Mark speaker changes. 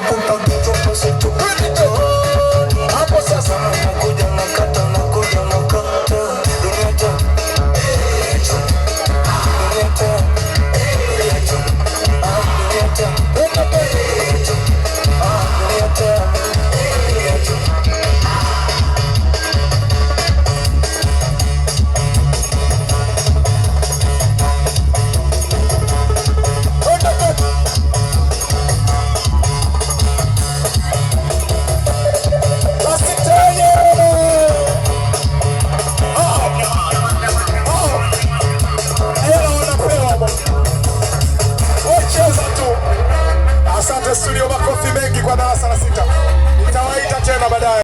Speaker 1: todo otros todo studio, makofi mengi kwa darasa la sita. Nitawaita tena baadaye.